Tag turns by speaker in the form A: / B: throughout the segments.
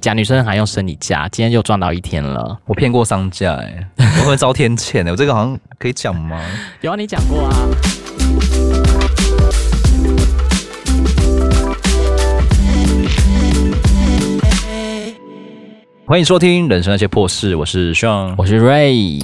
A: 假女生還用生理假，今天又賺到一天了。我騙過商家、欸，我會遭天譴的、欸。 我這個好像可以講嗎？
B: 有啊，你講過啊。
A: 歡迎收聽《人生那些破事》，我是 Sean，我是 Ray。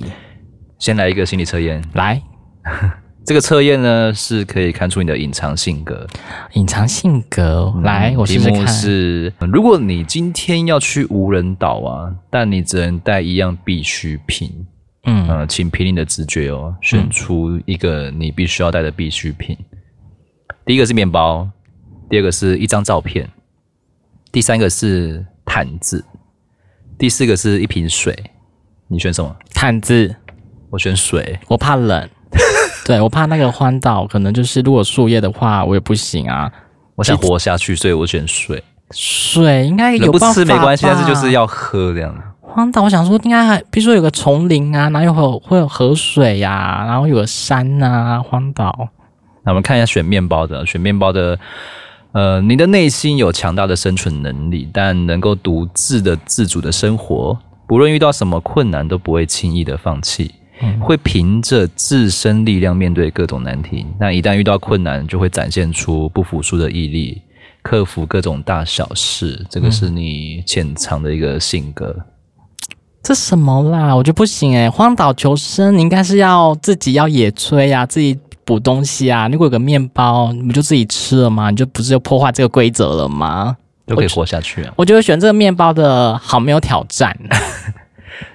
A: 先來一個心理測驗，來。 這個測驗呢，是可以看出你的隱藏性格。
B: 隱藏性格，來，我試試看。是，
A: 如果你今天要去無人島啊，但你只能帶一樣必需品，嗯，呃，請憑你的直覺哦，選出一個你必須要帶的必需品，嗯。第一個是麵包，第二個是一張照片，第三個是毯
B: 子，第四個是一瓶水。你選什麼？毯子。我選水，我怕冷。 對，我怕那個荒島，可能就是如果樹葉的話，我也不行啊。我想活下去，所以我選水。水應該有辦法，不吃沒關係，但是就是
A: 要喝這樣的。
B: 荒島，我想說，應該還比如說有個叢林啊，然後，有會有河水呀、啊，然後有個山啊，荒島。
A: 那我們看一下選麵包的，選麵包的。呃，你的內心有強大的生存能力，但能夠獨自的自主的生活，不論遇到什麼困難都不會輕易的放棄。會憑着自身力量面對各種難題，那一旦遇到困難，就會展現出不服輸的毅力，克服各種大小事。這個是你潛藏的一個性格。嗯、
B: 這什麼啦？我就不行誒、欸，荒島求生，你應該是要自己要野炊呀、啊，自己補東西啊。如果有個麵包，你不就自己吃了嗎？你就不是要破壞這個規則了嗎？就可以活下去、啊我。我覺得選這個麵包的好，沒有挑戰、啊。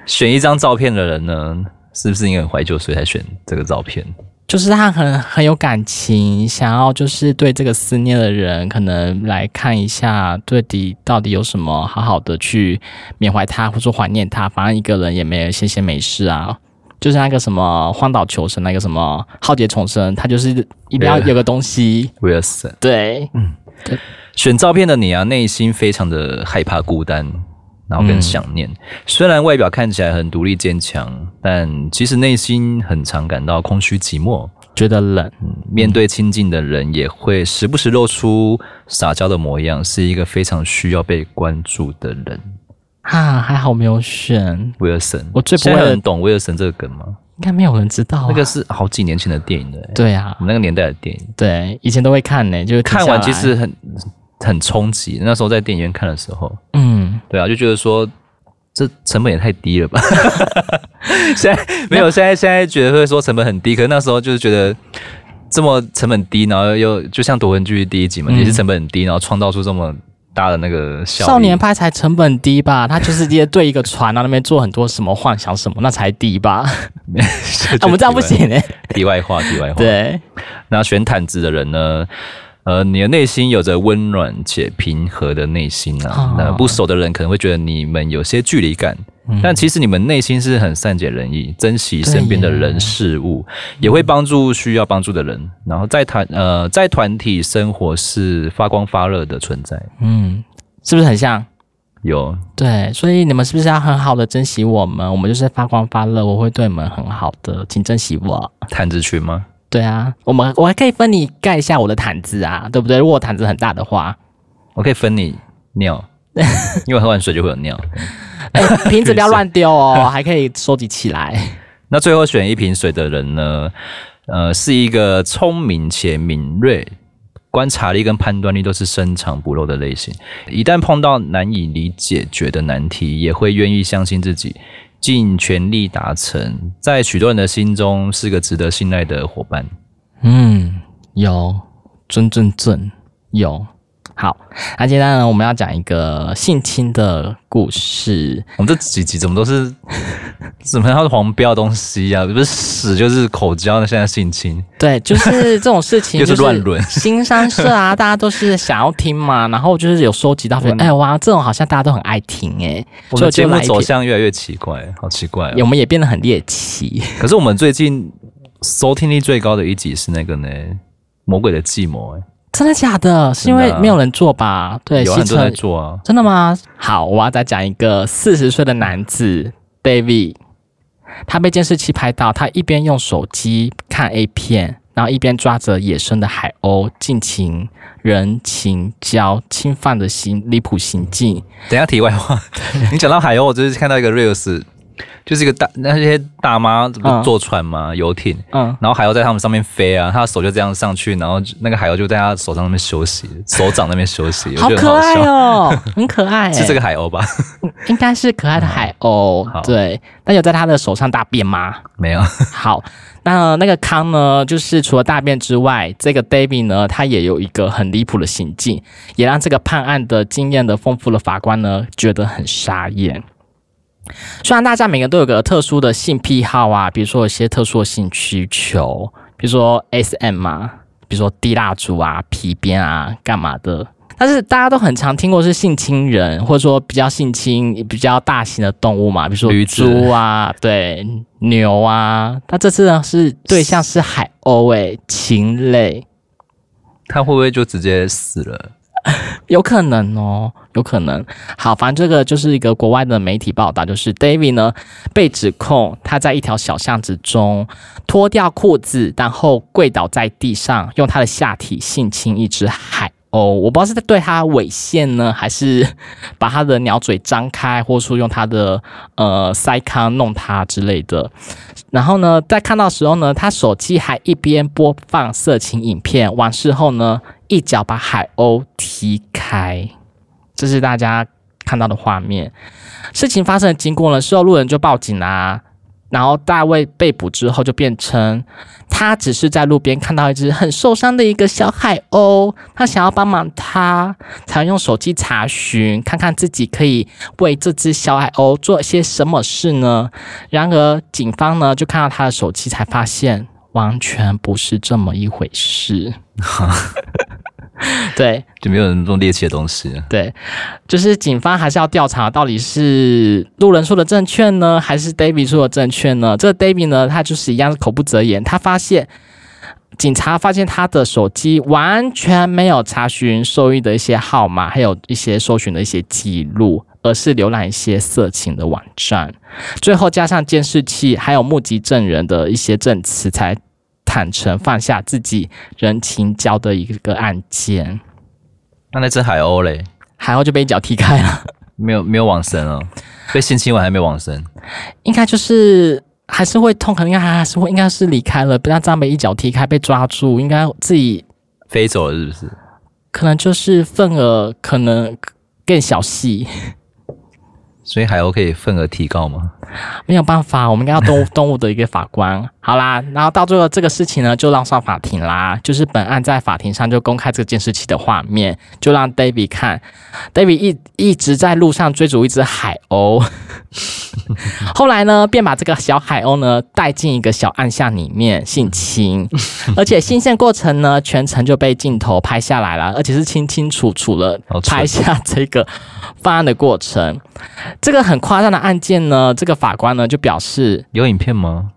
B: 選一張照片的人呢？是不是因為
A: 很懷舊，所以才選這個照片？
B: 就是他很很有感情，想要就是對這個思念的人，可能來看一下，對，底到底有什麼好好的去緬懷他，或者說懷念他。反正一個人也沒有，先先沒事啊。就是那個什麼荒島求生，那個什麼浩劫重生，他就是一定要有個東西。Wilson，
A: 哎。對，嗯，對，選照片的你啊，內心非常的害怕孤單。然後更想念、嗯，雖然外表看起來很獨立堅強，但其實內心很常感到空虛寂寞，覺得冷。嗯、面對親近的人，也會時不時露出撒嬌的模樣，是一個非常需要被關注的人。
B: 哈、啊，還好沒有選
A: 威爾森。我最不會很懂威爾森這個梗嗎？應該沒有人知道、啊，那個是好幾年前的電影了、欸。對啊，我們那個年代的電影，
B: 對以前都會看
A: 呢、欸，就是看完其實很。很衝擊，那時候在電影院看的時候，
B: 嗯，
A: 對啊，就覺得說這成本也太低了吧？ 現在沒有，沒有，現在現在覺得會說成本很低，可是那時候就是覺得這麼成本低，然後又就像《奪魂鋸》第一集嘛、嗯，也是成本很低，然後創造出這麼大的那個效。少年
B: 派才成本低吧？他就是直接對一個船啊那邊做很多什麼 幻想什麼，那才低吧？ 啊、我們這樣不行、欸。題外話，題外話。對，那選毯子的人呢？
A: 呃，你的內心有着溫暖且平和的內心啊，Oh. 那不熟的人可能會覺得你們有些距離感、嗯，但其實你們內心是很善解人意，珍惜身邊的人事物，也會幫助需要幫助的人。嗯、然後在團呃在團體生活是發光發熱的存在，嗯，是不是很像？有
B: 對，所以你們是不是要很好的珍惜我們？我們就是發光發熱，我會對你們很好的，請珍惜我。罈子群嗎？對啊，我們我還可以分你蓋一下我的毯子啊，對不對？如果我毯子很大的話，我可以分你尿，
A: 因為喝完水就會有尿。
B: 誒，瓶子不要亂丟哦， 還可以收集起來。那最後選
A: 一瓶水的人呢？呃，是一個聰明且敏銳，觀察力跟判斷力都是深藏不露的類型。一旦碰到難以理解決的難題，也會願意相信自己。盡全力達成，在許多人的心中是個值得信賴的伙伴。
B: 嗯，有，真正正，有。好，那接下來呢？我們要講一個性侵的故事。我、啊、們這幾集怎麼都是怎麼樣？都是黃標東西啊！
A: 不是屎就是口交，那現在性侵？
B: 對，就是這種事情，就是，是亂倫、新商社啊！大家都是想要聽嘛， 然後就是有收集到說，哎哇，這種好像大家都很愛聽誒我，我們節目走向
A: 越來越奇怪，好奇怪，哦。我們也變得很獵奇。 可是我們最近收聽率最高的一集是那個呢？魔鬼的計謀誒
B: 真的假的？是因為沒有人做吧？對，有很多在做啊。真的嗎？好，我要再講一個四十歲的男子 David，他被監視器拍到，他一邊用手機看 A 片，然後一邊抓着野生的海鷗，盡情人情交侵犯的行離譜行徑。
A: 等一下，題外話， 你講到海鷗，我就是看到一個 Reels 就是一個大那些大媽，這不是坐船嗎？嗯、遊艇，嗯，然後海鷗在他們上面飛啊，他的手就這樣上去，然後那個海鷗就在他手上那邊休息，手掌那邊休息， 好可愛哦，很，
B: 很可愛，是這個海鷗吧？應該是可愛的海鷗，嗯、對。但有在他的手上大便嗎？沒有。好，那那個康呢？就是除了大便之外，這個 David 呢，他也有一個很離譜的行徑，也讓這個判案的經驗的豐富的法官呢覺得很傻眼。雖然大家每個都有個特殊的性癖好啊，比如說有些特殊的性需求，比如說 SM 啊，比如說滴蠟燭啊、皮鞭啊，幹嘛的。但是大家都很常聽過是性侵人，或者說比較性侵比較大型的動物嘛，比如說魚豬啊、對牛啊。他這次呢是對象是海鷗誒、欸，禽類，他會不會就直接死了？ 有可能哦，有可能。好，反正這個就是一個國外的媒體報道，就是 David 呢被指控他在一條小巷子中脫掉褲子，然後跪倒在地上，用他的下體性侵一只海鷗。哦。我不知道是在對他猥褻呢，還是把他的鳥嘴張開，或者說用他的呃腮康弄他之類的。然後呢，在看到的時候呢，他手機還一邊播放色情影片。完事後呢。一腳把海鷗踢開，這是大家看到的畫面。事情發生的經過呢？事後路人就報警啦。然後大衛被捕之後，就變成他只是在路邊看到一隻很受傷的一個小海鷗，他想要幫忙他，他才用手機查詢，看看自己可以為這隻小海鷗做些什麼事呢？然而警方呢，就看到他的手機，才發現完全不是這麼一回事。 對，就沒有那種獵奇的東西。對，就是警方還是要調查到底是路人說的正確呢，還是 David 說的正確呢？這個 David 呢，他就是一樣口不擇言。他發現警察發現他的手機完全沒有查詢收益的一些號碼，還有一些搜尋的一些記錄，而是瀏覽一些色情的網站。最後加上監視器，還有目擊證人的一些證詞才，坦誠放下自己人情交的一個案件，那那
A: 隻海鷗嘞，海鷗就被一腳踢開了， 沒有沒有往生了，哦，被性侵完還沒往生。
B: 應該就是還是會痛，可能還還是會應該是離開了，不然這樣被一腳踢開被抓住，應該自己飛走了，是不是？可能就是份額可能更小細 所以海鷗可以份額提告嗎？沒有辦法，我們應該要動物動物的一個法官。 好啦，然後到最後這個事情呢，就讓上法庭啦。就是本案在法庭上就公開這個監視器的畫面，就讓 David 看，David 一一直在路上追逐一隻海鷗， 後來呢，便把這個小海鷗呢帶進一個小暗巷裡面性侵，姓 而且性侵過程呢全程就被鏡頭拍下來了，而且是清清楚楚的拍下這個犯案的過程。 這個很誇張的案件呢，這個法官呢就表示有影片嗎？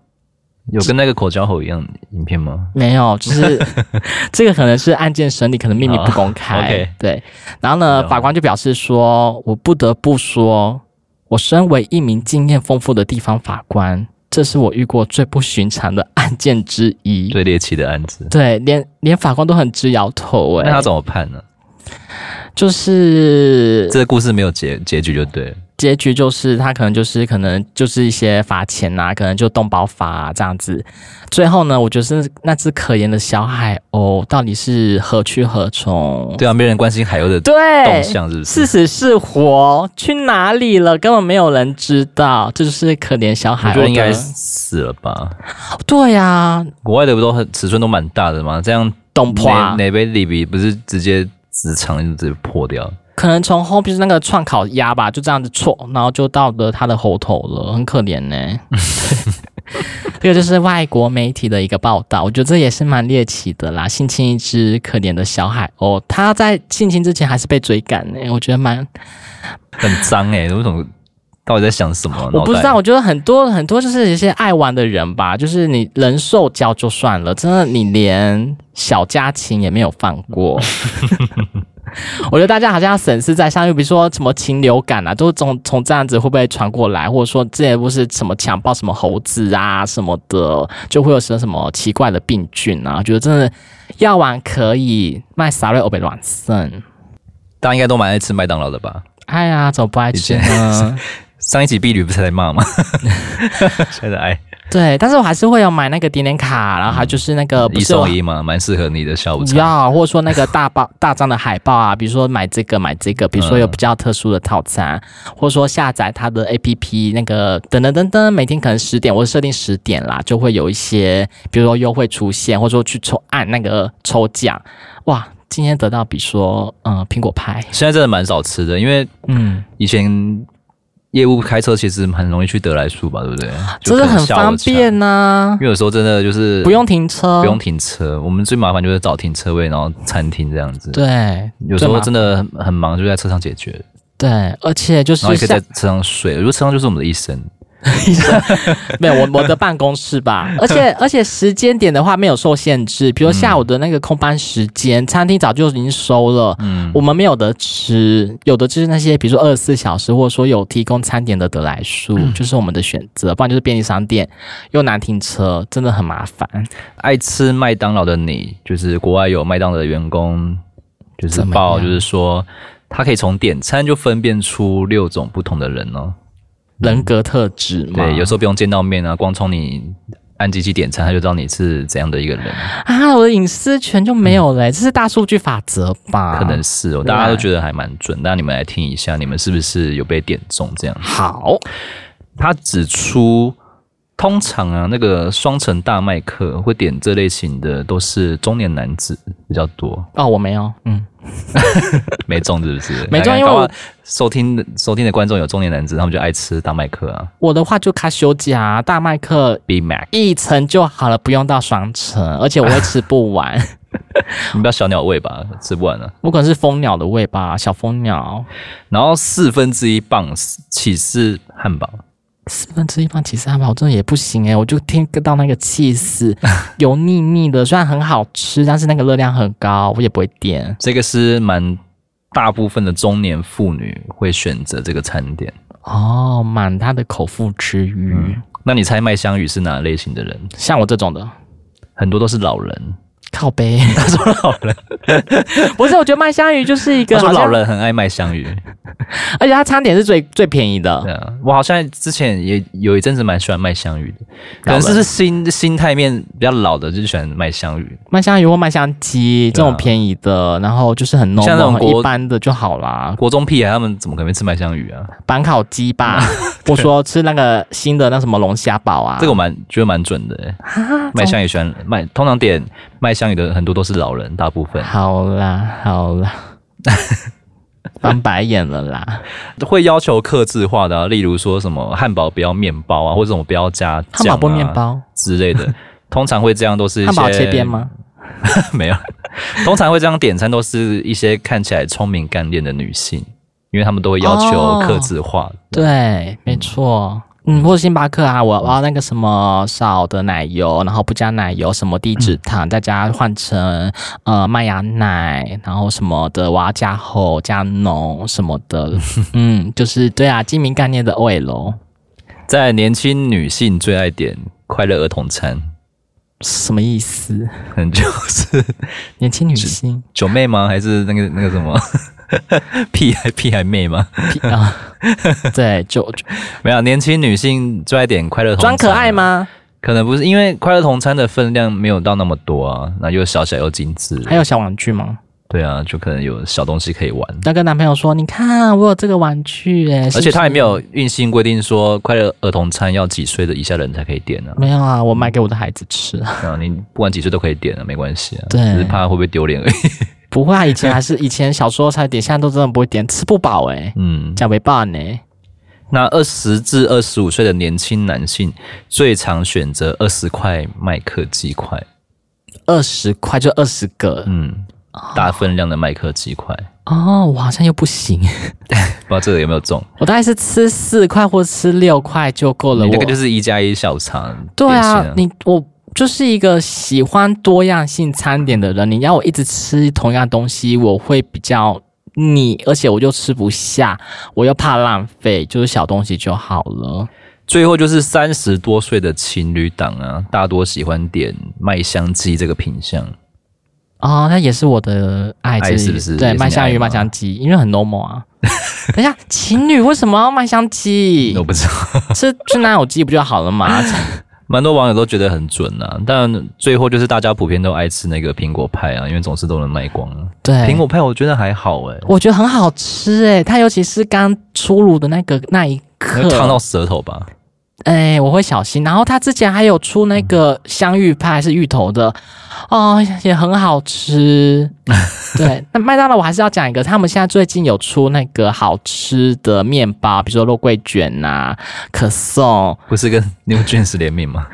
B: 有跟那個口交猴一樣影片嗎？沒有，只、就是 這個可能是案件審理可能秘密不公開。Oh, okay. 對，然後呢，法官就表示說：“我不得不說，我身為一名經驗豐富的地方法官，這是我遇過最不尋常的案件之一，最獵奇的案子。”對，連連法官都很直搖頭、欸。誒那他怎麼判呢、啊？就是這個故事沒有結結局就對了結局就是他可能就是可能就是一些罰錢吶、啊，可能就動保罰、啊、這樣子。最後呢，我覺得是那隻可憐的小海鷗，到底是何去何從、嗯？對啊，沒人關心海鷗的動向，對是不是，是死是活去哪裡了，根本沒有人知道。這就是可憐小海鷗，我就應該死了吧？對呀、啊，
A: 國外的不都尺寸都蠻大的嗎？這樣動破哪邊裡邊不是直接直腸一直破掉？
B: 可能從後面那個串烤鴨吧，就這樣子戳，然後就到了他的喉頭了，很可憐呢、欸。這個 就是外國媒體的一個報道，我覺得這也是蠻獵奇的啦。性侵一隻可憐的小海鷗、哦，他在性侵之前還是被追趕呢，我覺得蠻很髒哎、欸，為什麼？到底在想什麼？ 我不知道，我覺得很多很多就是一些愛玩的人吧，就是你人獸交就算了，真的你連小家禽也沒有放過。 我覺得大家好像要審視在相遇，比如說什麼禽流感啊，都從從這樣子會不會傳過來，或者說這也不是什麼強暴什麼猴子啊什麼的，就會有什麼什麼奇怪的病菌啊？覺得真的藥丸可以賣啥瑞歐貝卵腎？大家應該都蠻愛吃麥當勞的吧？愛、哎、啊，怎麼不愛吃呢？
A: 上一集碧女不是在罵嗎？ 現在愛。
B: 對，但是我還是會有買那個點點卡，然後還有就是那個、嗯、是一送一嘛，蠻適合你的下午茶，要或者說那個大包大張的海報啊，比如說買這個買這個，比如說有比較特殊的套餐，嗯、或者說下載它的 APP，那個等等等等，每天可能十點，我設定十點啦，就會有一些比如說優惠出現，或者說去抽按那個抽獎，哇，今天得到，比如說嗯、呃、蘋果派，
A: 現在真的蠻少吃的，因為嗯以前。嗯業務開車其實很容易去得來速吧，對不對？就是很方
B: 便吶、啊，因為
A: 有時候真的就是不用停車，不用停車。我們最麻煩就是找停車位，然後餐廳這樣子。對，有時候真的很忙，就在車上解決。
B: 對，而且就是然後也可以在
A: 車上睡，我覺得車上就是我們的一生。
B: 沒有，我我的辦公室吧，而且而且時間點的話沒有受限制，比如下午的那個空班時間，嗯，餐廳早就已經收了，嗯，我們沒有得吃，有的就是那些比如說二十四小時或者說有提供餐點的得來速，嗯，就是我們的選擇，不然就是便利商店，又難停車，真的很麻煩。愛吃麥當勞的你，就是國外有麥當勞的員工，
A: 就是報就是說，他可以從點餐就分辨出六種不同的人哦，喔。人格特質嗎？對，有時候不用見到面啊，光從你按機器點餐，他就知道你是怎樣的一個人
B: 啊，我的隱私權就沒有了、欸嗯，這是大數據法則吧？可能是哦，大家都覺得
A: 還蠻準，那你們來聽一下，你們是不是有被點中這樣？好，他指出。嗯通常啊，那個雙層大麥克會點這類型的都是中年男子比較多。哦，我沒有，嗯， 沒中是不是？沒中，因為我收聽收聽的觀眾有中年男子，他們就愛吃大麥克啊。
B: 我的話就卡修加大麥克，B Mac 一層就好了，不用到雙層，而且我會吃不完。
A: 啊、 你不要小鳥胃吧，吃不完了、
B: 啊。不可能是蜂鳥的胃吧，小蜂鳥。然後四分之一磅
A: 起司漢堡。
B: 四分之一磅起司堡，我真的也不行誒、欸，我就聽得到那個起司，油膩膩的， 雖然很好吃，但是那個熱量很高，我也不會點。
A: 這個是蠻大部分的中年婦女會選擇這個餐點
B: 哦，滿大的口腹之慾、
A: 嗯。那你猜麥香魚是哪類型的人？像我這種的，很多都是老人。
B: 靠，杯，他說老人 不是，我覺得麥香魚就是一個。他說老人
A: 很愛麥香魚，
B: 而且他餐點是最最便
A: 宜的對、啊。我好像之前也有一陣子蠻喜歡麥香魚的，可能是心心態面比較老的，就是喜歡麥香魚。
B: 麥香魚或香，或麥香雞這種便宜的，啊、然後就是很 normal, 像那種國一般的就好啦。國中屁孩、啊、他們怎麼可能吃麥香魚啊？板烤雞吧， 我說吃那個新的那什麼龍蝦堡啊，這個我蠻覺得蠻準的、
A: 欸。麥、啊、香魚，喜歡麥通常點。麥香裡的很多都是老人，大部分。好啦，好啦，
B: 翻
A: 白眼了啦。會要求客製化的，啊，例如說什麼漢堡不要麵包啊，或者什麼不要加醬、啊、漢堡不麵包之類的。通常會這樣，都是一些 漢堡切片嗎？ 沒有，通常會這樣點餐，都是一些看起來聰明幹練的女性，因為她們都會要求客製化，
B: 哦。對，沒錯。嗯嗯，或者星巴克啊，我我要那個什麼少的奶油，然後不加奶油，什麼低脂糖、嗯，再加換成呃麥芽奶，然後什麼的，我要加厚加濃什麼的。嗯，就是對啊，精明概念的味龍。
A: 在年輕女性最愛點快樂兒童餐，
B: 什麼意思？可能就是年輕女性。
A: 九妹嗎？還是那個那個什麼？屁還屁還妹嗎？屁啊，對，就 沒有年輕女性最愛點快樂童餐、啊、裝可愛嗎？可能不是，因為快樂童餐的分量沒有到那麼多啊，那又小小又精緻，還有小玩具嗎？對啊，就可能有小東西可以玩。
B: 那跟男朋友說，你看我有這個玩具誒、欸、而且他也
A: 沒有硬性規定說快樂兒童餐要幾歲的以下人才可以點呢、啊？
B: 沒有啊，我買給我的孩子吃啊，你不管幾歲都可以點啊，沒關係啊，只是怕會不會丟臉而已。 不會啊，以前還是以前小時候才點，現在都真的不會點，吃不飽哎、欸，嗯，叫沒辦呢。
A: 那二十至二十五歲的年輕男性最常選擇二十塊麥克雞塊，二十塊就二十個，嗯，大分量的麥克雞塊
B: 哦。哦，我好像又不行，
A: 不知道這個有沒有中。
B: 我大概是吃四塊或吃六塊就夠了，那個就是
A: 一加一下午茶、啊、對啊，
B: 你我。就是一個喜歡多樣性餐點的人，你要我一直吃同樣東西，我會比較膩，而且我就吃不下，我又怕浪費，就是小東西就好了。最後就是三十多歲的情侶檔啊，大多
A: 喜歡點麥香雞這個品項，
B: 啊，那也是我的愛，這是，愛是不是，是愛？對，麥香魚、麥香雞，因為很 normal 啊。 等一下，情侶為什麼要麥香雞？我不知道， 吃去拿有雞不就好了嗎？ 蠻多網友都覺得很
A: 準呐、啊，但最後就是大家普遍都愛吃那個蘋果派啊，因為總是都能賣光。對，蘋果派我覺得還好誒、欸，
B: 我覺得很好吃誒、欸，它尤其是剛出爐的那個那一刻，燙到舌頭吧。哎，我會小心。然後他之前還有出那個香芋派，嗯、是芋頭的，哦，也很好吃。 對，那麥當勞我還是要講一個，他們現在最近有出那個好吃的麵包，比如說肉桂卷吶、啊，可頌，不是跟 NewJeans 聯名嗎？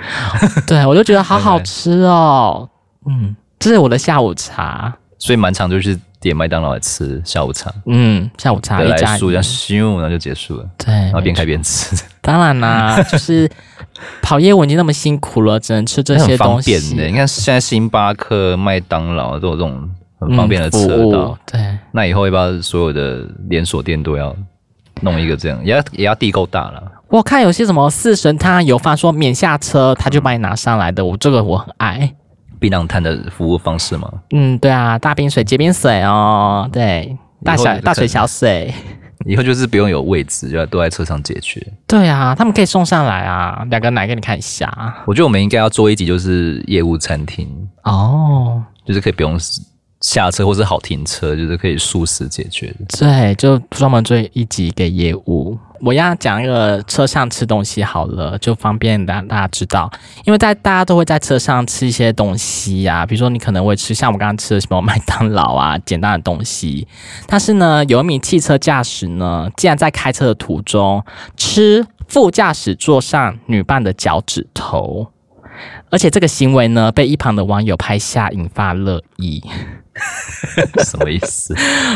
B: 對，我就覺得好好吃哦。 嗯，這是我的下午茶。
A: 所以滿場就是。點麥當勞來吃下午茶，嗯，
B: 下午茶得來
A: 速，然後就結束了。對，然後邊開邊吃。
B: 當然啦，啊， 就是跑業務已經那麼辛苦了， 只能吃這些東西。很方便的、欸，
A: 你看現在星巴克、麥當勞都有這種很方便的車道。嗯、對，那以後要把所有的連鎖店都要弄一個這樣，也要也要地夠大了。
B: 我看有些什麼四神湯有發說免下車，他就把你拿上來的，嗯。我這個我很
A: 愛。避浪灘的服務方式嗎？
B: 嗯，對啊，大冰水、結冰水哦、嗯，對，大小大水、小
A: 水，以後就是不用有位置， 就要都在車上解決。
B: 對啊，他們可以送上來啊，兩個奶給你看一下。
A: 我覺得我們應該要做一集，就是業務餐廳
B: 哦，
A: 就是可以不用。下車或是好停
B: 車，就是可以速食
A: 解決。
B: 對，就專門做一集給業務。我要講一個車上吃東西好了，就方便大大家知道，因為在大家都會在車上吃一些東西呀、啊，比如說你可能會吃像我剛剛吃的什麼麥當勞啊簡單的東西。但是呢，有一名汽車駕駛呢，竟然在開車的途中吃副駕駛座上女伴的腳趾頭，而且這個行為呢被一旁的網友拍下，引發熱議。 什麼
A: 意思？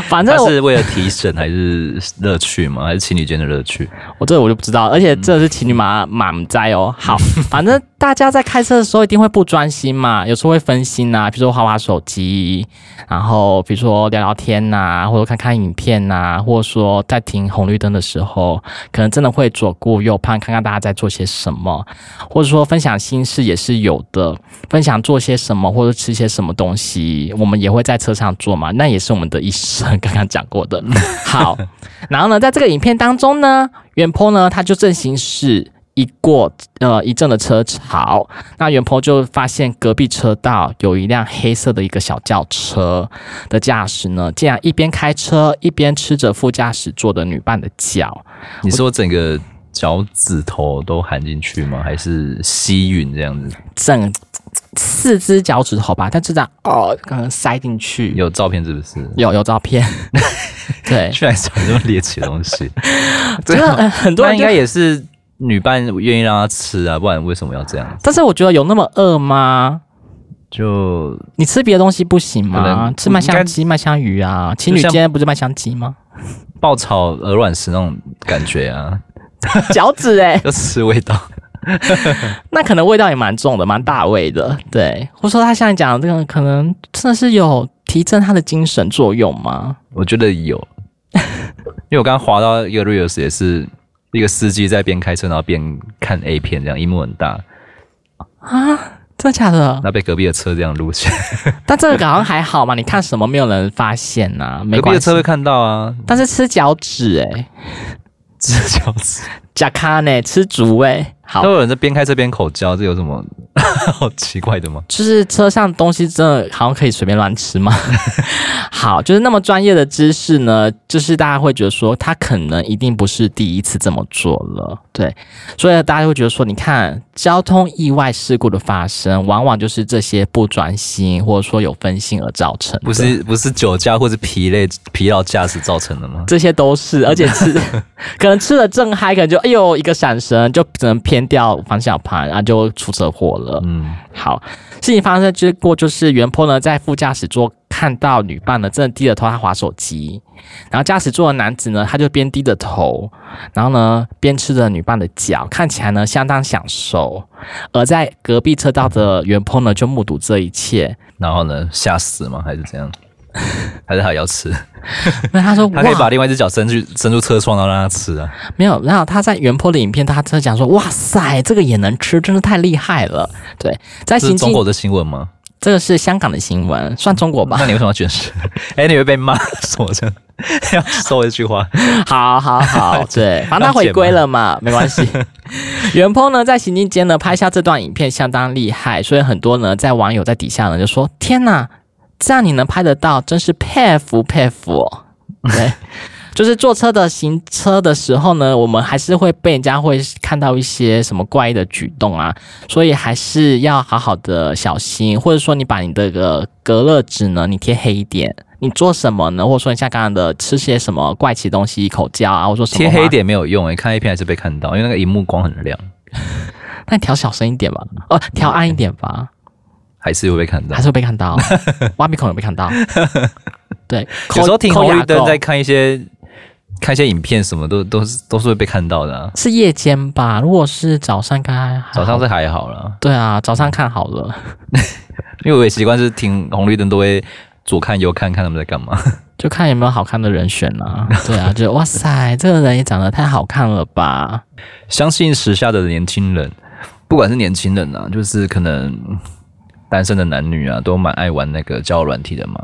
A: 反正是為了提神還是樂趣嗎？ 還是情侶間的樂趣？
B: 我這我就不知道。而且這是情侶嘛，滿載哦。好， 反正大家在開車的時候一定會不專心嘛，有時候會分心吶、啊。比如說滑滑手機，然後比如說聊聊天吶、啊，或者看看影片吶、啊，或者說在停紅綠燈的時候，可能真的會左顧右盼，看看大家在做些什麼，或者說分享心事也是有的，分享做些什麼，或者吃些什麼東西，我們也會。在車上坐嘛，那也是我們的醫生剛剛講過的。好，然後呢，在這個影片當中呢，原 PO 呢他就正行駛一過呃一陣的車潮，那原 PO 就發現隔壁車道有一輛黑色的一個小轎車的駕駛呢，竟然一邊開車一邊吃着副駕駛座的女伴的腳。你說整
A: 個腳趾頭都含進去嗎？還是吸吮這樣子？正。
B: 四隻腳趾頭吧，但這張哦，剛剛塞進去有照片，是不是？有，有照片， 對，居然想這麼獵奇的東西，真 的很多人。人應該也
A: 是女伴願意讓他吃啊，不然為什麼要這樣？
B: 但是我覺得有那麼餓嗎？就你吃別的東西不行嗎？吃麥香雞、啊、麥香魚啊，情侶間不是麥香雞嗎？
A: 爆炒鵝卵石那種感覺啊，
B: 腳 趾哎、欸，要 吃味道。 那可能味道也蠻重的，蠻大味的，對。或者說他現在講的這個，可能真的是有提振他的精神作用嗎？
A: 我覺得有， 因為我剛剛滑到一個 reels 也是一個司機在邊開車然後邊看 A 片，這樣音幕很大啊，
B: 真的假的？那被隔壁的車這樣錄起來， 但這個好像還好嘛，你看什麼沒有人發現吶，啊？隔壁的車會看到啊。但是吃腳趾哎，
A: 吃腳趾，
B: 假卡，呢？吃足哎，欸。都有人在邊開車邊口交，這有什麼好奇怪的嗎？就是車上東西真的好像可以隨便亂吃嗎？好，就是那麼專業的知識呢，就是大家會覺得說他可能一定不是第一次這麼做了，對，所以大家會覺得說，你看交通意外事故的發生，往往就是這些不專心或者說有分心而造成的，
A: 不是不是酒駕或者疲累疲勞駕駛造成的嗎？
B: 這些都是，而且吃可能吃的正嗨，可能就哎呦一個閃神就只能偏邊掉方向盤，然、啊、後就出車禍了。嗯，好，事情發生經過就是原坡呢在副駕駛座看到女伴呢正低着頭，她滑手機，然後駕駛座的男子呢，他就邊低着頭，然後呢邊吃着女伴的腳，看起來呢相當享受。而在隔壁車道的原坡呢、嗯、就目睹這一切，然後呢嚇死嗎？還是怎樣？ 還是他
A: 要吃？
B: 那他說，他可以把
A: 另外一隻腳伸去，伸出車窗，然後讓他吃啊。
B: 沒有，然後他在原坡的影片，他真的講說，哇塞，這個也能吃，真的太厲害了。對，在這是中國的新聞嗎？這個是香港的新聞、嗯，算中國吧、嗯？那你為
A: 什麼要卷舌？誒、 欸、你會被罵什麼的？說 一句話。好好好，對，反正他回歸了嘛，沒關係。
B: 原坡呢，在行進間呢拍下這段影片，相當厲害，所以很多呢在網友在底下呢就說：天哪！這樣你能拍得到，真是佩服佩服、哦、對， 就是坐車的行車的時候呢，我們還是會被人家會看到一些什麼怪異的舉動啊，所以還是要好好的小心，或者說你把你這個隔熱紙呢，你貼黑一點，你做什麼呢？或者說你像剛剛的吃些什麼怪奇東西，一口膠啊，或者說什麼貼黑一點沒有用、欸，你看黑片還是被看到，因為那個熒幕光很亮。 那你調小聲一點吧，哦，調暗一點吧。
A: 還是會被看到，還是會被
B: 看到，挖 鼻孔也被看到。 對，有時候停紅綠燈，在
A: 看一些 看一些影片，什麼都都是都是會被看到的、
B: 啊。是夜間吧？如果是早上，該早上
A: 是還好了。
B: 對啊，早上看好了，
A: 因為我也習慣是停紅綠燈都會左看右看看他們在幹嘛，
B: 就看有沒有好看的人選了、啊。對啊，就哇塞，這個人也長得太好看了吧？
A: 相信時下的年輕人，不管是年輕人啊，就是可能。單身的男女啊，都蠻愛玩那個交友軟體的嘛，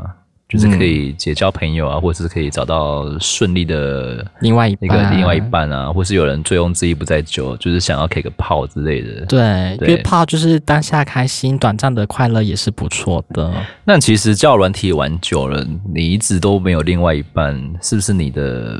B: 就是可以
A: 結交朋友啊，嗯、或者是可以找到順利的另外一個、啊、另外一半啊，或是有人醉翁之意不在酒，就是想要開個炮之類的。
B: 對，約炮就是當下開心、短暫的快樂也是不錯的。
A: 那其實交友軟體玩久了，你一直都沒有另外一半，是不是你的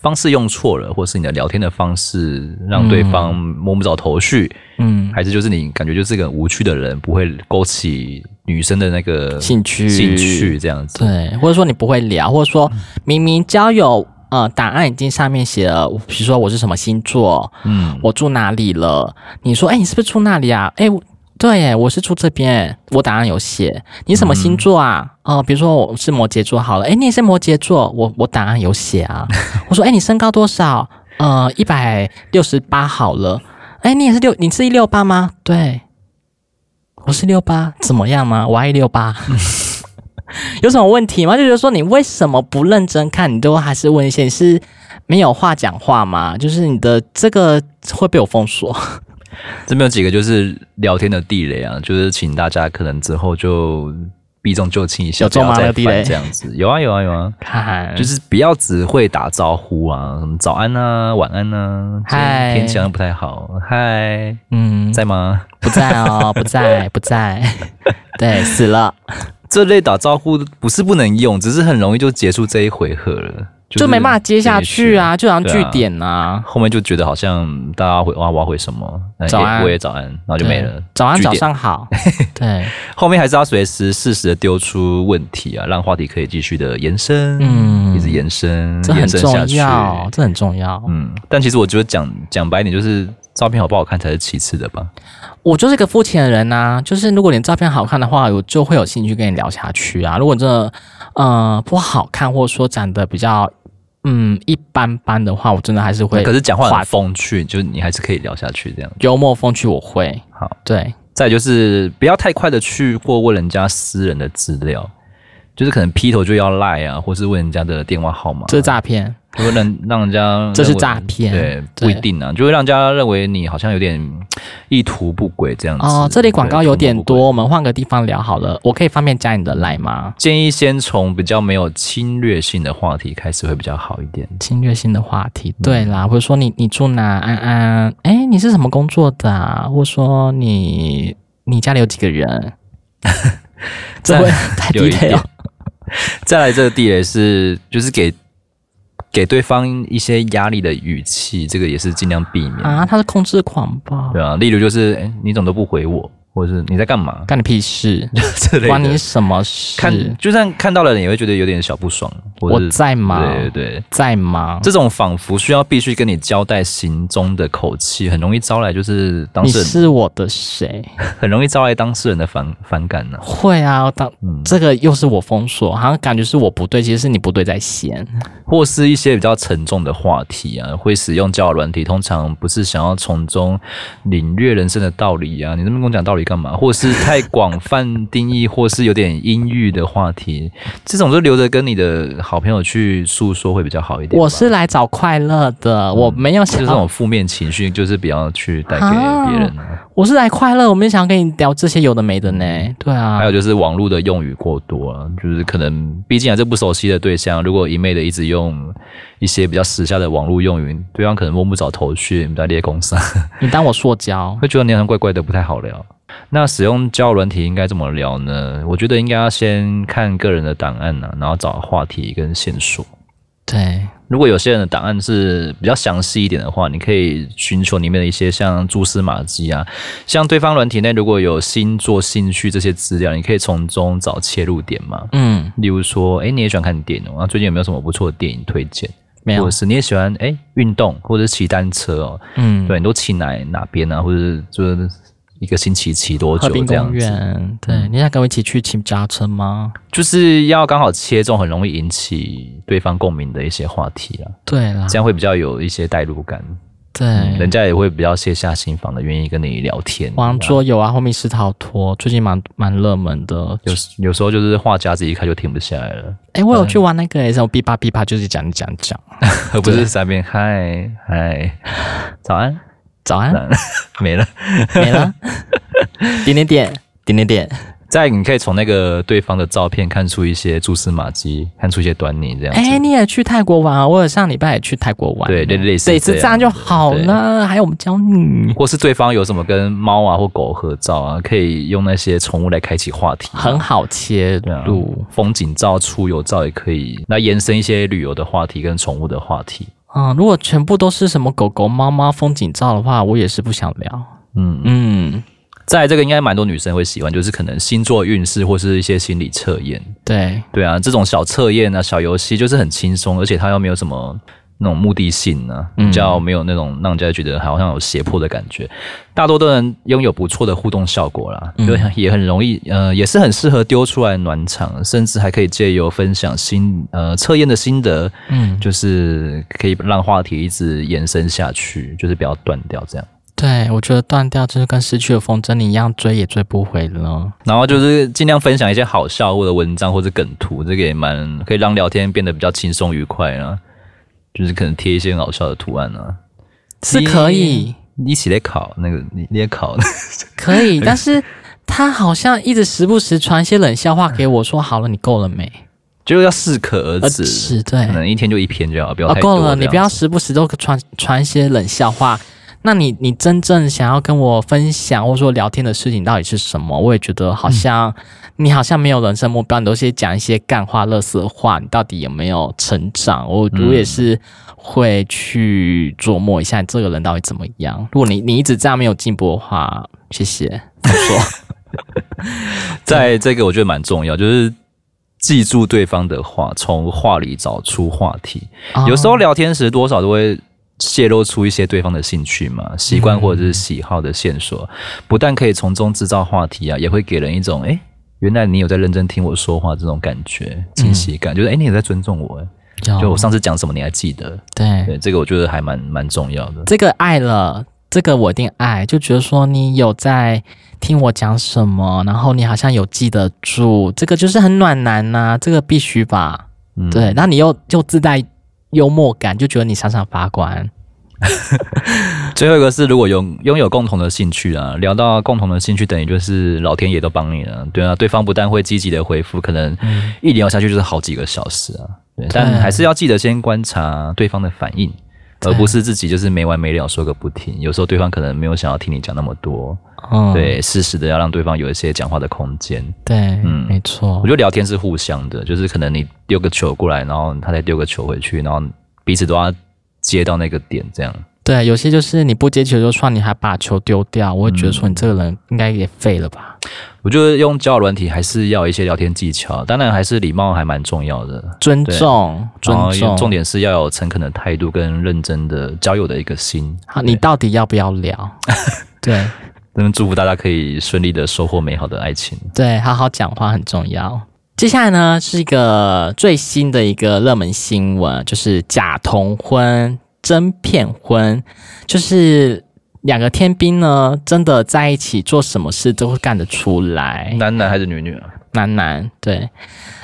A: 方式用錯了，或是你的聊天的方式讓對方摸不着頭緒，嗯，嗯，還是就是你感覺就是一個很無趣的人，不會勾起女生的那個興趣，興趣，興趣這樣子，對，
B: 或者說你不會聊，或者說明明交友呃檔案已經上面寫了，比如說我是什麼星座，嗯，我住哪裡了，你說，誒，你是不是住那裡啊？誒。對，我是住這邊，我檔案有寫。你什麼星座啊？哦、嗯呃，比如說我是摩羯座，好了。哎，你也是摩羯座，我我檔案有寫啊。 我說，哎，你身高多少？呃，一百六十八好了。哎，你也是六，你是一六八嗎？對，我是六八，怎麼樣嗎？我一六八， 有什麼問題嗎？就覺、是、得說你為什麼不認真看？你都還是問一些你是沒有話講話嗎？就是你的這個會被我封鎖。
A: 這邊有幾個就是聊天的地雷啊，就是請大家可能之後就避重就輕一下，嗎不要地雷這樣子。有啊，有啊，有啊
B: ，Hi. 就是
A: 不要只會打招呼啊，什麼早安啊，晚安啊，嗨，Hi. 天氣好像不太好，嗨，嗯，在嗎？不在哦，不在，不在，
B: 對，
A: 死了。這類打招呼不是不能用，只是很容易就結束這一回合了。就是、就沒辦法接下去
B: 啊，去啊就好像句
A: 點吶、啊啊。後面就覺得好像大家會哇哇會什麼，欸、早安、欸，我也早安，然後就沒了。早安，早上好。 對，後面還是要隨時適時的丟出問題啊，讓話題可以繼續的延
B: 伸，嗯，一
A: 直延伸，這很重要，
B: 這很重要。嗯，
A: 但其實我覺得講講白一點，就是照片好不好看才是其次的吧。
B: 我就是一個膚淺的人吶、啊，就是如果你的照片好看的話，我就會有興趣跟你聊下去啊。如果這嗯呃，不好看，或者說長得比較。嗯，一般般的話，我真的還是會還是可，嗯。可是講話很風
A: 趣，就你還是可以聊下去這樣。
B: 幽默風趣我會。好，對。
A: 再就是不要太快的去過問人家私人的資料，就是可能劈頭就要賴啊，或是問人家的電話號碼啊，這是詐騙。就會讓讓人家這是詐騙，對不一定啊，就會讓人家認為你好像有點意圖不軌這樣子哦。這裡廣
B: 告有，有點多，我們換個地方聊好了。我可以方便加你的賴嗎？
A: 建議先從比較沒有侵略性的話題開始會比較好一點。
B: 侵略性的話題，對啦，或者說你你住哪？安安，哎、欸，你是什麼工作的，啊？或者說你你家裡有幾個人？ 這太地雷了。
A: 再來這個地雷是就是給。給對方一些壓力的語氣，這個也是盡量避免的啊。
B: 他是控制狂暴。
A: 對啊，例如就是，誒，你怎麼都不回我？或者是你在幹嘛？干你屁事！ 管你什麼事？看，就算看到了你，也會覺得有點小不爽。
B: 我在忙，對對、對，在忙。這
A: 種仿佛需要必須跟你交代行蹤的口氣，很容易招來就是當事人。你是
B: 我的誰？
A: 很容易招來當事人的反反感呢、啊。
B: 會啊，當、嗯、這個又是我封鎖，好像感覺是我不對，其實是
A: 你不對在先。或是一些比較沉重的話題啊，會使用交友軟體，通常不是想要從中領略人生的道理啊。你這邊跟我講道理。幹嘛？或是太廣泛定義， 或是有點陰鬱的話題，這種就留着跟你的好朋友去訴說會比較好一點。
B: 我是來找快樂的，嗯、我沒有想這、就是、種負
A: 面情緒就是比較去帶給別人、
B: 啊啊。我是來快樂，我沒想跟你聊這些有的沒的呢。對
A: 啊，還有就是網絡的用語過多、啊，就是可能畢竟還、啊、是不熟悉的對象，如果一昧的一直用一些比較時下的網絡用語，對方可能摸不着頭緒，你在獵空山，你當我社交會覺得你好像怪怪的，不太好聊。那使用交友軟體應該怎麼聊呢？我覺得應該要先看個人的檔案啊，然後找話題跟線索。對，如果有些人的檔案是比較詳細一點的話，你可以尋求裡面的一些像蛛絲馬跡啊，像對方軟體內如果有星座、興趣這些資料，你可以從中找切入點嘛。嗯，例如說，哎，你也喜歡看電影哦，那最近有沒有什麼不錯的電影推薦？沒有，或是，你也喜歡哎運動或者騎單車哦？嗯，對，你都騎哪哪邊啊？或者就是。一個星期騎多久這樣
B: 子？對、嗯，你想跟我一起去騎加車嗎？
A: 就是要剛好切中很容易引起對方共鳴的一些話題啊。對了，這樣會比較有一些代入感對、嗯。對，人家也會比較卸下心防的，願意跟你聊天。
B: 玩桌遊啊，後面是逃脫，最近蠻蠻熱門的有。
A: 有時候就是話匣子一開就停不下來了。
B: 哎、欸，我有去玩那個、嗯，然後逼巴逼巴，就是講講講，而 對 不是三遍嗨嗨，Hi, Hi, 早安。 早安， 沒，了沒了，沒了，點點點，
A: 點點點。再，你可以從那個對方的照片看出一些蛛絲馬跡，看出一些端倪。這樣子，
B: 哎、欸，你也去泰國玩啊？我有上禮拜也去泰國玩。啊，對，類似，類似這樣就好了。還有，我們教你，
A: 或是對方有什麼跟貓啊或狗合照啊，可以用那些寵物來開啟話題。啊，很好切入、啊。風景照、出遊照也可以，那延伸一些旅遊的話題跟寵物的話題。
B: 啊、嗯，如果全部都是什麼狗狗、貓貓、風景照的話，我也是不想聊。嗯
A: 嗯，在這個應該蠻多女生會喜歡，就是可能星座運勢或是一些心理測驗。對對啊，這種小測驗啊、小遊戲，就是很輕鬆，而且它又沒有什麼。那種目的性呢、啊，比較沒有那種讓人家覺得好像有脅迫的感覺。嗯、大多都能擁有不錯的互動效果啦，嗯、也很容易，呃，也是很適合丟出來暖場，甚至還可以借由分享心呃測驗的心得，嗯，就是可以讓話題一直延伸下去，就是不要
B: 斷掉這樣。對，我覺得斷掉就是跟失去了風箏你一樣，追也追不回了。
A: 然後就是盡量分享一些好笑或者文章或者梗圖，這個也蠻可以讓聊天變得比較輕鬆愉快啊。就是可能貼一些很搞笑的圖案呢、啊，
B: 是可以
A: 一起來考那個，你來考可以， 但是
B: 他好像一直時不時傳一些冷笑話給我，說好了，你夠了沒？
A: 就要適可而止，是，對，可能一天就一篇就好，不要，哦，夠了，你不要
B: 時不時都傳傳一些冷笑話。那你你真正想要跟我分享或者說聊天的事情到底是什麼？我也覺得好像、嗯、你好像沒有人生目標，你都是講一些幹話、垃圾話。你到底有沒有成長？我我也是會去琢磨一下你這個人到底怎麼樣。嗯、如果你你一直這樣沒有進步的話，謝謝。再 說，
A: 在這個我覺得蠻重要，就是記住對方的話，從話裡找出話題、哦。有時候聊天時多少都會。洩露出一些對方的興趣嘛、習慣或者是喜好的線索，嗯、不但可以從中製造話題啊，也會給人一種誒、欸，原來你有在認真聽我說話這種感覺、驚、嗯、喜感，就是誒、欸，你也在尊重我哎，
B: 就我上次
A: 講什麼你還記得？對對，這個我覺得還蠻蠻重要的。
B: 這個愛了，這個我一定愛，就覺得說你有在聽我講什麼，然後你好像有記得住，這個就是很暖男吶、啊，這個必須吧、嗯？對，那你又就自帶。幽默感就覺得你閃閃發光。
A: 最後一個是如果擁擁有共同的興趣啊，聊到共同的興趣，等於就是老天爺都幫你了，對啊，對方不但會積極的回復，可能一聊下去就是好幾個小時啊。
B: 對，嗯、但還是
A: 要記得先觀察對方的反應，而不是自己就是沒完沒了說個不停。有時候對方可能沒有想要聽你講那麼多。嗯、對，適時的要讓對方有一些講話的空間。
B: 對，嗯，沒錯。我覺
A: 得聊天是互相的，就是可能你丟個球過來，然後他再丟個球回去，然後彼此都要接到那個點，這樣。
B: 對，有些就是你不接球就算，你還把球丟掉，我會覺得說你這個人應該也廢了吧、嗯。我
A: 覺得用交友軟體還是要一些聊天技巧，當然還是禮貌還蠻重要的，尊重，尊重。重點是要有誠懇的態度跟認真的交友的一個心。
B: 好，你到底要不要聊？ 對。
A: 那麼祝福大家可以順利的收穫美好的愛
B: 情。對，好好講話很重要。接下來呢，是一個最新的一個熱門新聞，就是假同婚真騙婚，就是兩個天兵呢，真的在一起做什麼事都會幹得出來。男男還是女女啊？男男，對，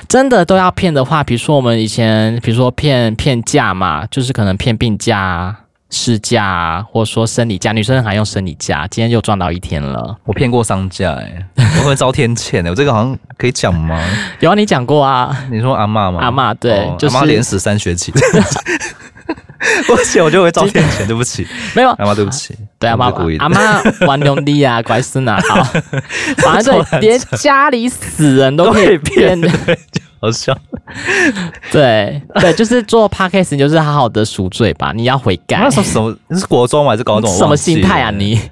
B: 真的都要騙的話，比如說我們以前，比如說騙騙假嘛，就是可能騙病假啊。事假啊，或者說生理假，女生還用生理假，今天就賺到一天了。我騙過商家誒、欸、我會遭天譴哎、欸，我這個好像可以講嗎？ 有啊，你講過啊。你說阿嬤嗎？阿嬤對，哦就是、阿嬤連死三學期。 而且我就會遭天譴，對不起， 沒有阿嬤，對不起，對阿嬤故意的、啊。阿嬤玩兄弟啊，乖孫啊，好，反正對連家裡死人都可以騙。 好笑， 對，對對，就是做 podcast 你就是好好的贖罪吧，你要悔改。那 是什麼？是國中還是
A: 高中？什麼，什麼心態啊？你還、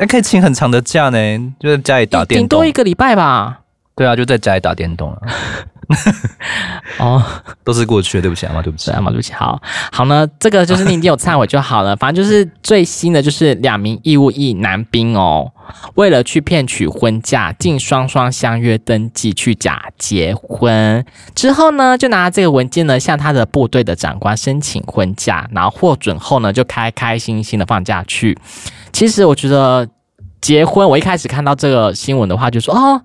A: 欸、可以請很長的假呢，就在家裡打電動，頂多一個禮拜吧。對啊，就在家裡打電動了。哦， 都是過
B: 去了，對不起啊，媽，對不起啊，媽，對不起。好，好呢，這個就是你一定有懺悔就好了。 反正就是最新的，就是兩名義務役男兵哦，為了去騙取婚假，竟雙雙相約登記去假結婚。之後呢，就拿這個文件呢向他的部隊的長官申請婚假，然後獲准後呢，就開開心心的放假去。其實我覺得。結婚，我一開始看到這個新聞的話，就說哦，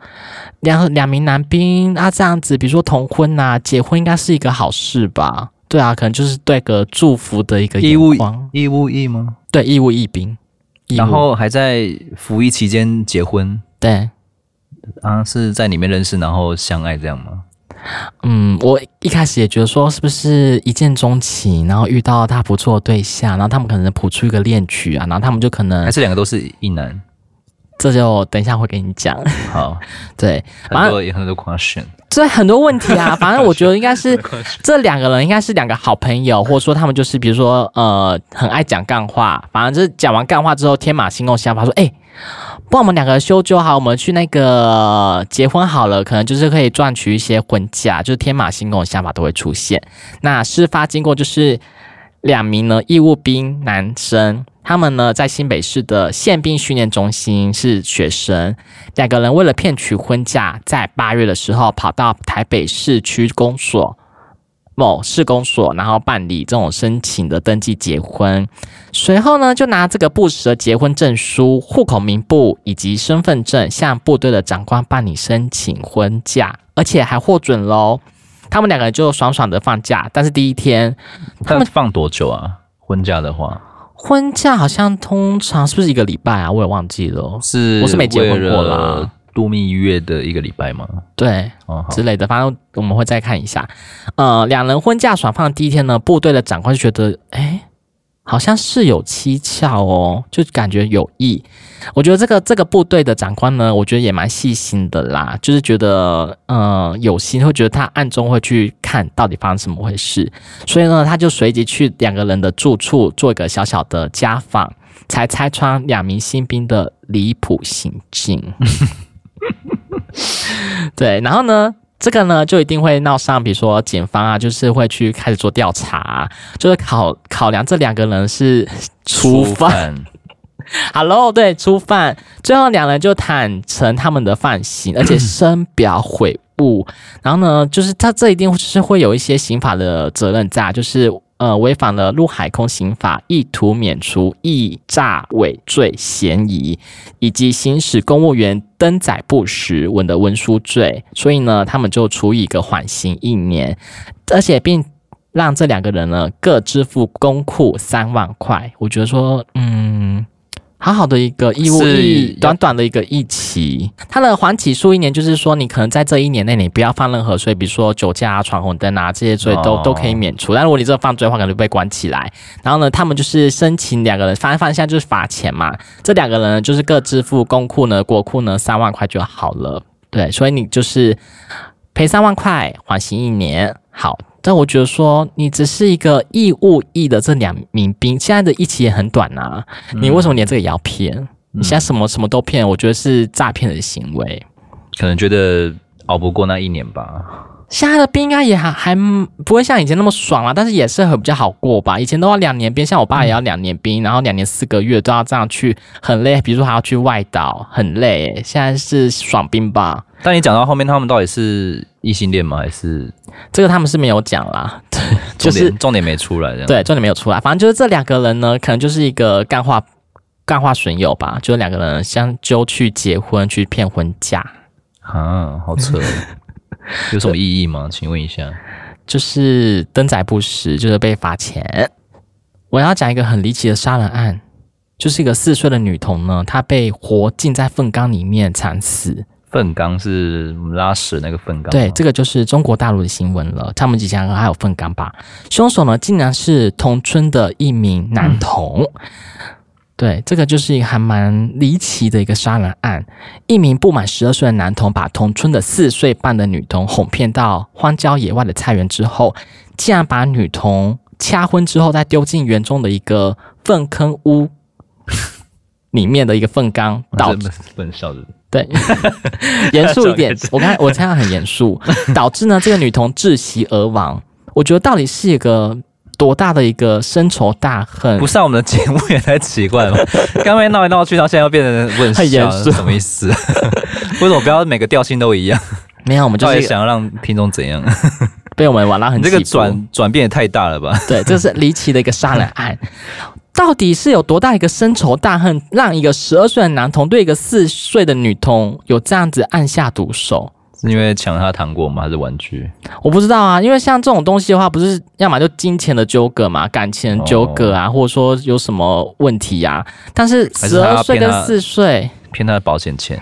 B: 兩兩名男兵啊，這樣子，比如說同婚吶、啊，結婚應該是一個好事吧？對啊，可能就是對個祝福的一個義務，義務役嗎？對，義務役兵，義務役，然後還在服役期間結婚？對，
A: 啊，是在裡面認識，然後相愛這樣嗎？嗯，
B: 我一開始也覺得說，是不是一見鍾情，然後遇到他不錯的對象，然後他們可能譜出一個戀曲啊，然後他們就可能還是兩個都是異男？這就等一下會給你講。好， 對，反正也很多 question，這很多問題啊。 反正我覺得應該是 這兩個人應該是兩個好朋友， 或者說他們就是比如說呃很愛講幹話。反正就是講完幹話之後天馬行空想法說，誒、欸、不我們兩個人修就好，我們去那個結婚好了，可能就是可以賺取一些婚假，就是天馬行空的想法都會出現。那事發經過就是兩名呢義務兵男生。他們呢，在新北市的憲兵訓練中心是學生，兩個人為了騙取婚假，在八月的時候跑到台北市區公所某市公所，然後辦理這種申請的登記結婚。隨後呢，就拿這個不實的結婚證書、戶口名簿以及身份證，向部隊的長官辦理申請婚假，而且還獲准嘍。他們兩個人就爽爽的放假，但是第一天，他們放多久啊？婚假的話。婚假好像通常是不是一個禮拜啊？我也忘記了，是我是沒結婚過啦，
A: 度蜜月的一個禮拜嘛，
B: 對，哦，之類的，反正我們會再看一下。呃，兩人婚假爽放的第一天呢，部隊的長官就覺得，哎。好像是有蹊蹺哦，就感覺有意。我覺得這個這個部隊的長官呢，我覺得也蠻細心的啦，就是覺得呃有心，會覺得他暗中會去看到底發生什麼回事，所以呢，他就隨即去兩個人的住處做一個小小的家訪，才拆穿兩名新兵的離譜行徑。 對，然後呢？這個呢，就一定會鬧上，比如說警方啊，就是會去開始做調查，啊，就是考考量這兩個人是初犯。初犯 Hello，對初犯，最後兩人就坦承他們的犯行，而且深表悔悟。 然後呢，就是他這一定就是會有一些刑法的責任在，就是。呃，違反了陸海空刑法，意圖免除意詐偽罪嫌疑，以及行使公務員登載不實文的文書罪，所以呢，他們就處以一個緩刑一年，而且並讓這兩個人呢各支付公庫三萬塊。我覺得說，嗯。好好的一個義務役，短短的一個役期。他呢，緩起訴一年，就是說你可能在這一年內，你不要犯任何罪，比如說酒駕啊、闖紅燈啊這些罪都、oh. 都可以免除。但如果你這個犯罪的話，可能就被關起來。然後呢，他們就是申請兩個人，反正現在就是罰錢嘛，這兩個人呢就是各支付公庫呢、國庫呢三萬塊就好了。對，所以你就是賠三萬塊，緩刑一年，好。但我覺得說，你只是一個義務役的這兩名兵，現在的役期也很短啊，嗯，你為什麼連這個也要騙，嗯？你現在什麼什麼都騙，我覺得是詐騙的行為。可能覺得熬不過那一年吧。現在的兵應該也還還不會像以前那麼爽了，啊，但是也是會比較好過吧。以前都要兩年兵，像我爸也要兩年兵，嗯，然後兩年四個月都要這樣去，很累。比如說還要去外島，很累。現在是爽兵吧？但你講到後面，他們到底是？異性戀嗎？還是這個他們是沒有講啦，對 就是重點，重點沒出來對，重點沒有出來。反正就是這兩個人呢，可能就是一個幹話幹話損友吧，就兩、是、個人相揪去結婚，去騙婚假啊，好扯， 有什麼意義嗎？請問一下，就是登載不實，就是被罰錢。我要講一個很離奇的殺人案，就是一個四歲的女童呢，她被活浸在糞缸裡面慘死。糞缸
A: 是拉屎的那個糞缸、啊。對，這
B: 個就是中國大陸的新聞了。他們即將還有糞缸吧？兇手呢？竟然是同村的一名男童。嗯、對，這個就是一個還蠻離奇的一個殺人案。一名不滿十二歲的男童把同村的四歲半的女童哄騙到荒郊野外的菜園之後，竟然把女童掐昏之後再丟進園中的一個糞坑屋裡面的一個糞缸 倒糞臭的。對，嚴肅一點。我剛才我猜樣很嚴肅，導致呢這個女童窒息而亡。我覺得到底是一個多大的一個深仇大恨？不
A: 像我們的節目也太奇怪了，剛才鬧來鬧去，到現在又變成問很嚴肅，什麼意思？ 為什麼不要每個調性都一樣？沒有，我們就是想要讓聽眾怎樣？被我們玩的很，你這個轉轉
B: 變也太大了吧？對，這是離奇的一個殺人案。到底是有多大一個深仇大恨，讓一個十二歲的男童對一個四歲的女童有這樣子暗下毒手？是因為搶他糖果嗎？還是玩具？我不知道啊。因為像這種東西的話，不是要麼就金錢的糾葛嘛，感情糾葛啊，哦、或者說有什麼問題啊？但是十二歲跟四歲騙他的保險錢，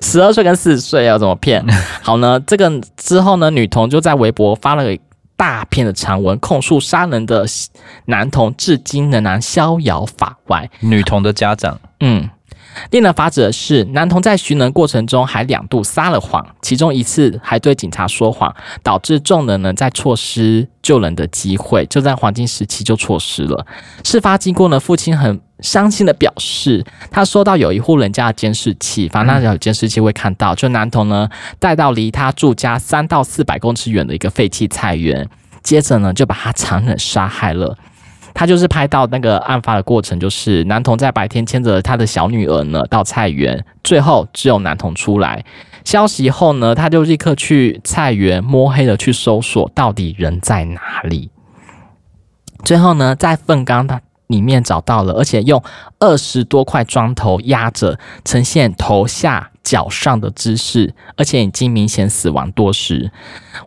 B: 十二歲跟四歲要怎麼騙好呢？這個之後呢，女童就在微博發了個大片的長文控訴殺人的男童，至今仍然逍遙法外。女童的家長，嗯。令人髮指的是，男童在尋人過程中還兩度撒了謊，其中一次還對警察說謊，導致眾人呢在錯失救人的機會。就在黃金時期就錯失了。事發經過呢，父親很傷心的表示，他說到有一戶人家的監視器，反正有監視器會看到，就男童呢帶到離他住家三到四百公尺遠的一個廢棄菜園，接着呢就把他殘忍殺害了。他就是拍到那個案發的過程，就是男童在白天牽着他的小女兒呢到菜園，最後只有男童出來。消息以後呢，他就立刻去菜園摸黑的去搜索，到底人在哪裡？最後呢，在糞缸它裡面找到了，而且用二十多塊磚頭壓着，呈現頭下。腳上的姿勢，而且已經明顯死亡多時。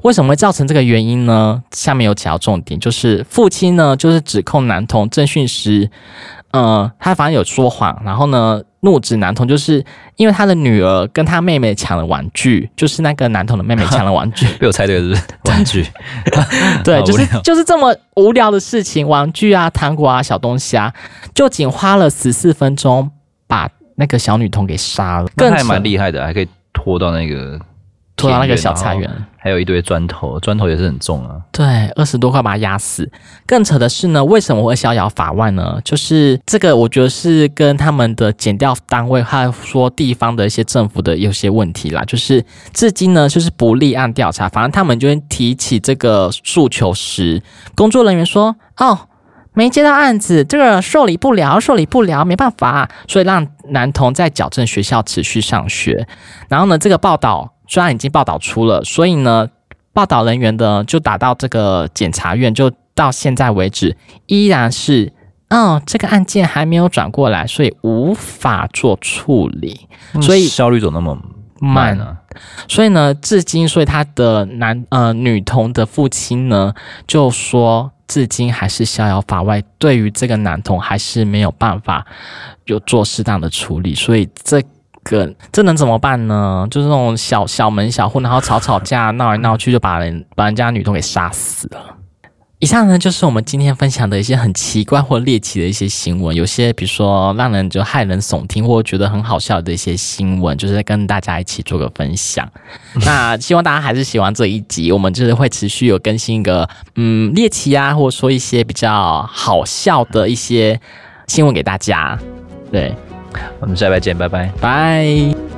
B: 為什麼會造成這個原因呢？下面有幾條重點，就是父親呢，就是指控男童偵訊時，呃，他反正有說謊，然後呢，怒指男童就是因為他的女兒跟他妹妹搶了玩具，就是那個男童的妹妹搶了玩具，被我猜對是，是 玩具， 對，就是就是這麼無聊的事情，玩具啊，糖果啊，小東西啊，就僅花了十四分鐘把。那個小女童給殺了，更還蠻厲
A: 害的、啊，還可以拖到
B: 那個拖到那個小菜園，還有一堆磚頭，磚頭也是很重啊。對，二十多塊把它壓死。更扯的是呢，為什麼會逍遙法外呢？就是這個，我覺得是跟他們的檢調單位，還說地方的一些政府的有些問題啦。就是至今呢，就是不立案調查。反正他們就提起這個訴求時，工作人員說：“哦。”沒接到案子，這個受理不了，受理不了，沒辦法、啊，所以讓男童在矯正學校持續上學。然後呢，這個報道雖然已經報道出了，所以呢，報道人員呢就打到這個檢察院，就到現在為止依然是，哦，這個案件還沒有轉過來，所以無法做處理，嗯、所以效率怎麼那麼慢呢？、啊？所以呢，至今，所以他的男呃女童的父親呢，就說。至今還是逍遙法外，對於這個男童還是沒有辦法有做適當的處理，所以這個這能怎麼辦呢？就是那種小，小門小戶，然後吵吵架，鬧來鬧去，就把人把人家女童給殺死了。以上呢，就是我們今天分享的一些很奇怪或獵奇的一些新聞，有些比如說讓人就駭人聳聽或覺得很好笑的一些新聞，就是跟大家一起做個分享。 那希望大家還是喜歡這一集，我們就是會持續有更新一個嗯獵奇啊，或者說一些比較好笑的一些新聞給大家。對，我們下禮拜見，拜拜拜。Bye